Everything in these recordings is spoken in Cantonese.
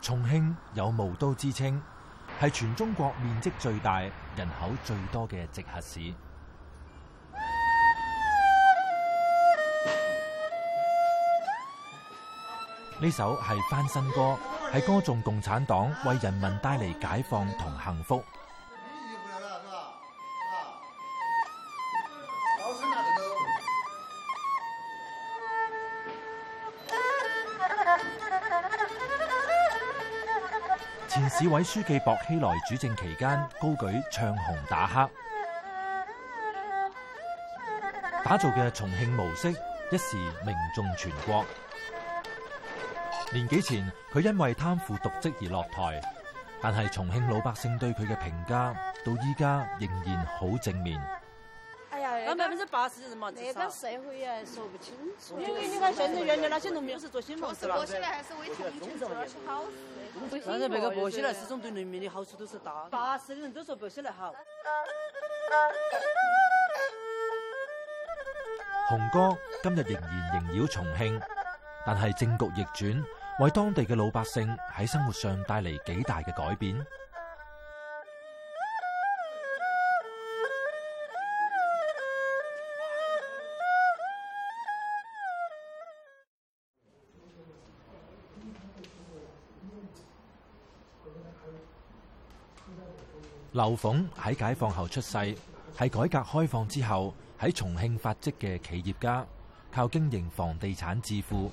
重慶有霧都之稱，係全中國面積最大、人口最多嘅直轄市。呢首係翻身歌，係歌頌共產黨為人民帶嚟解放同幸福。前市委書記薄熙來主政期間，高舉唱紅打黑，打造嘅重慶模式一時名重全國。年幾前佢因為貪腐瀆職而落台，但係重慶老百姓對佢嘅評價到依家仍然好正面。哎呀，百分之八十嘅人嘛，呢個社會誒說不清楚。清因為你看現在原來那些農民是做新農，都是薄熙來別個薄熙來始終對農民的好處都是大。八十嘅人都說薄熙來好。紅歌今日仍然縈繞重慶，但係政局逆轉，為當地嘅老百姓喺生活上帶嚟幾大嘅改變。劉鳳喺解放後出世，係改革開放之後喺重慶發跡嘅企業家，靠經營房地產致富。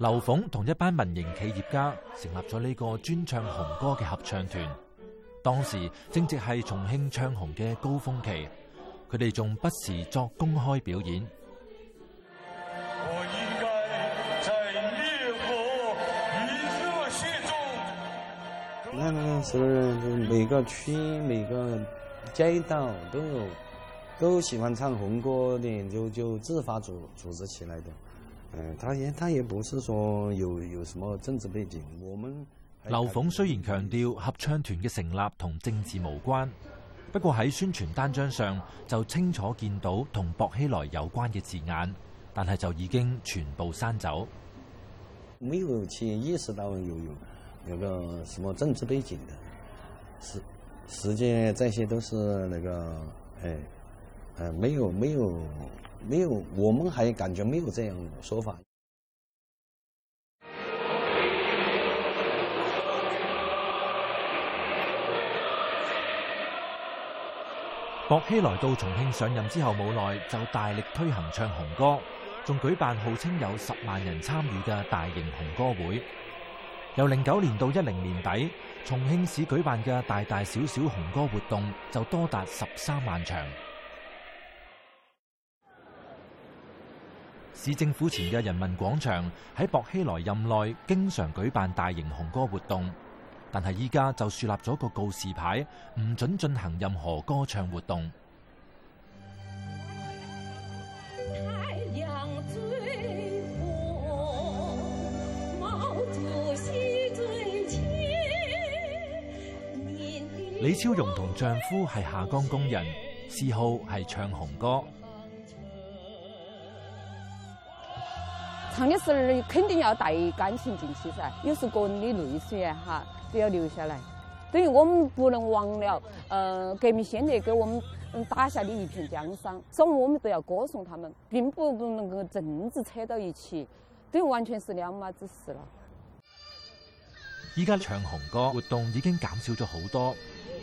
劉鳳同一班民營企業家成立咗呢個專唱紅歌嘅合唱團，當時正值係重慶唱紅嘅高峰期，佢哋仲不時作公開表演。我應該在烈火那是不是每個區每個街道都有都喜歡唱紅歌嘅，就就自發組組織起來嘅？他也他也不是說有有什麼政治背景。我們劉鳳雖然強調合唱團嘅成立同政治無關，不過喺宣傳單張上就清楚見到同薄熙來有關嘅字眼，但係就已經全部刪走。沒有去意識到有有有個什麼政治背景嘅，實實際這些都是那個誒誒、哎啊，沒有沒有。沒有，我們還感覺沒有這樣的說法。薄熙來到重慶上任之後冇耐就大力推行唱紅歌，仲舉辦號稱有十萬人參與嘅大型紅歌會。由零九年到一零年底，重慶市舉辦嘅大大小小紅歌活動就多達十三萬場。市政府前嘅人民廣場喺薄熙來任內經常舉辦大型紅歌活動，但係依家就樹立咗個告示牌，唔准進行任何歌唱活動。太陽最紅，毛主席最親。李超容同丈夫係下崗工人，嗜好係唱紅歌。唱的時候肯定要帶感情進去噻，有時個人的淚水啊，哈都要流下來。等於我們不能忘了，嗯、呃，革命先烈給我們嗯打下的一片江山，所以我們都要歌頌他們，並不不能夠政治扯到一起，等於完全是兩碼子事了。依家唱紅歌活動已經減少咗好多，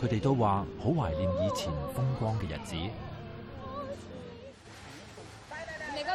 佢哋都話好懷念以前風光嘅日子。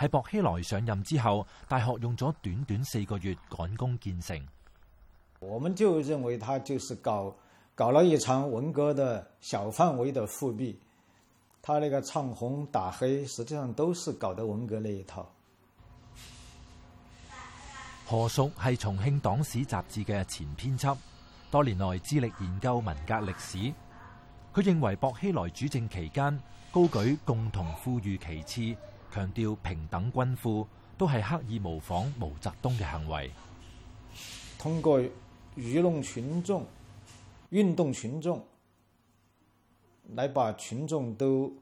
喺薄熙來上任之後，大學用咗短短四個月趕工建成。我們就認為他就是搞搞了一場文革的小範圍的復辟，他那個唱紅打黑，實際上都是搞的文革那一套。何叔係重慶黨史雜誌嘅前編輯，多年來致力研究文革歷史。佢認為薄熙來主政期間高舉共同富裕其次。強調平等均富都係刻意模仿毛澤東嘅行為，通過愚弄群眾、運動群眾，來把群眾都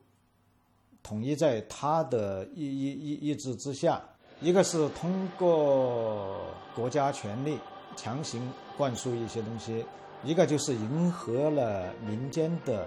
統一在他的意意意意志之下。一個是通過國家權力強行灌輸一些東西，一個就是迎合了民間的。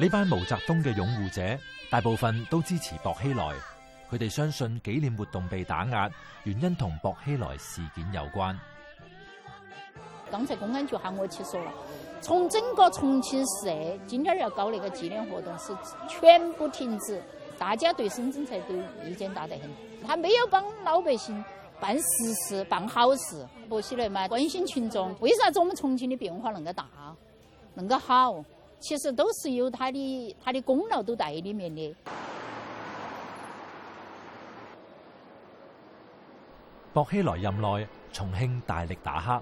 呢班毛澤東嘅擁護者，大部分都支持薄熙來。佢哋相信紀念活動被打壓，原因同薄熙來事件有關。剛才公安局喊我去說了，從整個重慶市，今天要搞那個紀念活動，是全部停止。大家對孫政才對意見大得很大。他沒有幫老百姓辦實事，事，辦好事。薄熙來嘛，關心群衆。為啥子我們重慶的變化那麼大？咁好，其實都是有他的他的功勞都喺裏面嘅。薄熙來任內，重慶大力打黑。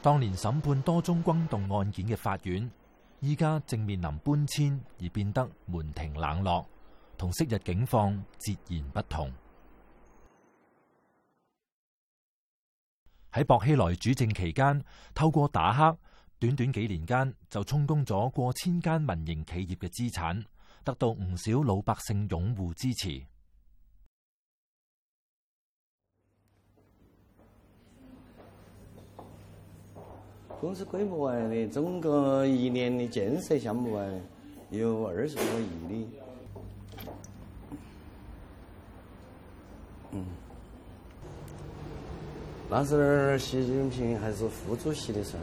當年審判多宗轟動案件嘅法院，依家正面臨搬遷而變得門庭冷落，同昔日警方截然不同。喺薄熙來主政期間，透過打黑。短短幾年間就充公咗過千間民營企業嘅資產，得到唔少老百姓擁護支持。公司規模外，你整個一年嘅建設項目啊，有二十多個億呢。嗯，那時候習近平還是副主席嘅時候，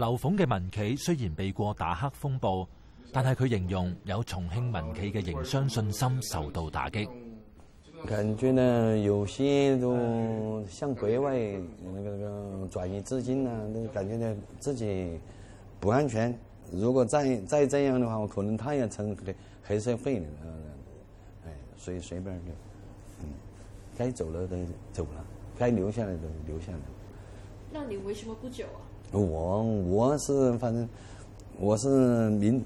劉鳳嘅民企雖然避過打黑風暴，但係佢形容有重慶民企嘅營商信心受到打擊。感覺呢，有些都向國外那個那個轉移資金呢，都感覺呢自己不安全。如果再再這樣的話，我可能他也成了黑社會嘅，哎，隨隨便就。嗯，該走了都走了，該留下來都留下來。那你為什麼不走啊？我我是反正我是民，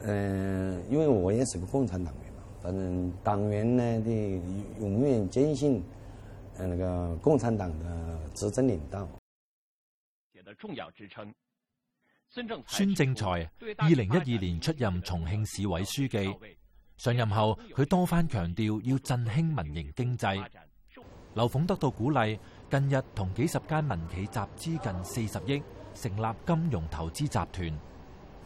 嗯、呃，因為我也是個共產黨員嘛，反正黨員呢的永遠堅信，嗯，那個共產黨的執政領導，的重要支撐。孫政才二零一二年出任重慶市委書記，上任後佢多番強調要振興民營經濟。劉鳳得到鼓勵。近日同幾十間民企集資近四十億，成立金融投資集團。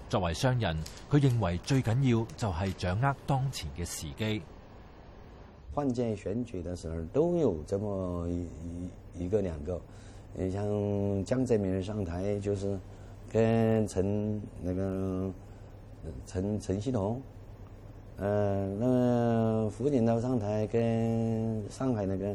作為商人，佢認為最緊要就係掌握當前嘅時機。換屆選舉的時候都有這麼一一個兩個，你像江澤民上台就是跟陳那個陳陳希同，嗯，那個胡錦濤上台跟上海那個。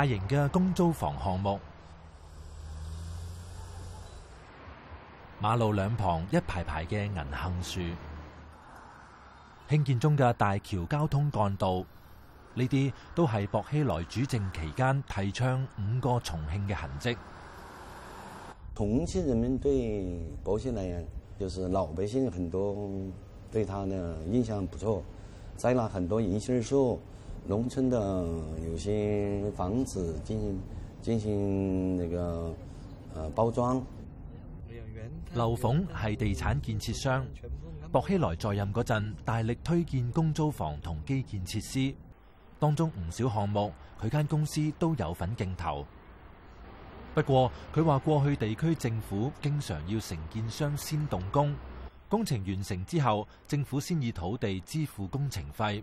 大型嘅公租房項目，馬路兩旁一排排嘅銀杏樹，興建中嘅大橋交通幹道，呢啲都係薄熙來主政期間提倡五個重慶嘅痕跡。重慶人民對薄熙來啊，就是老百姓很多對他呢印象不錯，栽了很多銀杏樹。農村的有些房子進行進行那個包裝。劉鳳係地產建設商，薄熙來在任嗰陣，大力推薦公租房同基建設施，當中唔少項目佢間公司都有份競投。不過佢話過去地區政府經常要承建商先動工，工程完成之後政府先以土地支付工程費。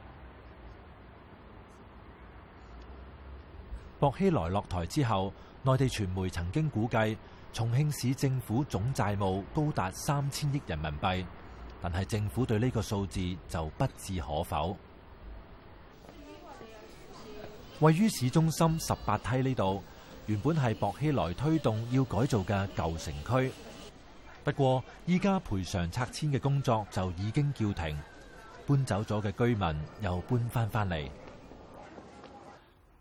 薄熙來落台之後，內地傳媒曾經估計重慶市政府總債務高達三千億人民幣，但係政府對呢個數字就不置可否。位於市中心十八梯呢度，原本係薄熙來推動要改造嘅舊城區，不過依家賠償拆遷嘅工作就已經叫停，搬走咗嘅居民又搬翻翻嚟。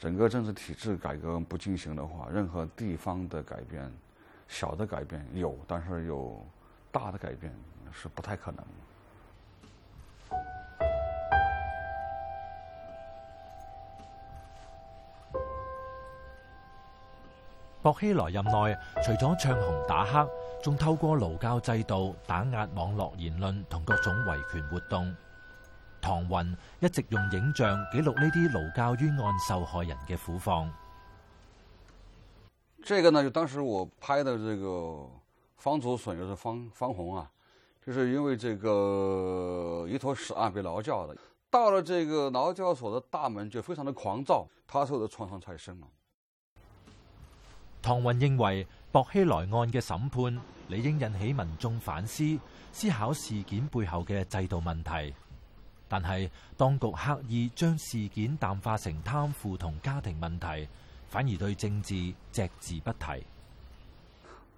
整個政治體制改革不進行的話，任何地方的改變，小的改變有，但是有大的改變是不太可能。薄熙來任內，除咗唱紅打黑，仲透過勞教制度打壓網絡言論同各種維權活動。唐雲一直用影像記錄呢啲勞教冤案受害人嘅苦況。這個呢就當時我拍的，這個方祖順又是方方紅啊，就是因為這個一坨屎啊被勞教的，到了這個勞教所的大門就非常的狂躁。他受的創傷太深了。唐雲認為薄熙來案嘅審判理應引起民眾反思，思考事件背後嘅制度問題。但係當局刻意將事件淡化成貪腐同家庭問題，反而對政治隻字不提。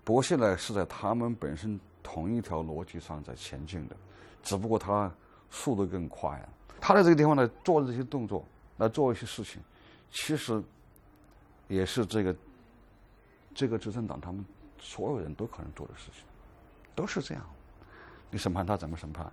薄熙來是在他們本身同一條邏輯上在前進的，只不過他速度更快。他在這個地方呢，做這些動作，來做一些事情，其實也是這個這個執政黨他們所有人都可能做的事情，都是這樣。你審判他，怎麼審判？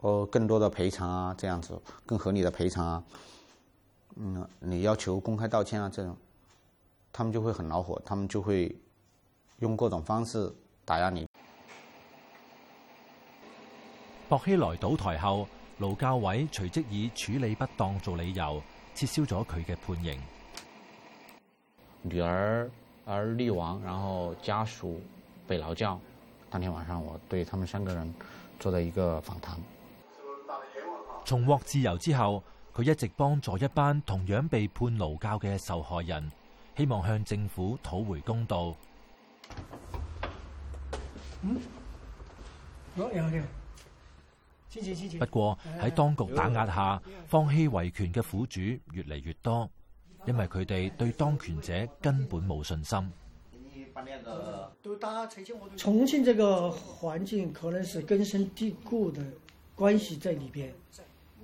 哦，更多的賠償啊，這樣子更合理的賠償啊，嗯，你要求公開道歉啊，這樣，他們就會很惱火，他們就會用各種方式打壓你。薄熙來倒台後，勞教委隨即以處理不當做理由，撤銷咗佢嘅判刑。女兒兒溺亡，然後家屬被勞教。當天晚上，我對他們三個人做了一個訪談。重獲自由之後，佢一直幫助一班同樣被判勞教嘅受害人，希望向政府討回公道。嗯、我有嘅。黐住黐住。不過喺當局打壓下，放棄維權嘅苦主越嚟越多，因為佢哋對當權者根本冇信心。重慶這個環境可能是根深蒂固的關係在裏邊。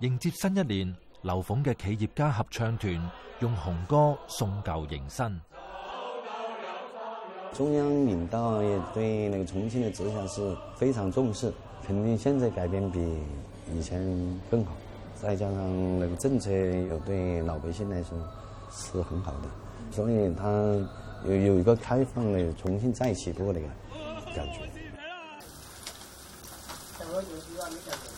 迎接新一年，劉鳳嘅企業家合唱團用紅歌送舊迎新。中央領導也對那個重慶的直轄是非常重視，肯定現在改變比以前更好，再加上那個政策又對老百姓來說是很好的，所以他有有一個開放的重慶再起步的感覺。哦。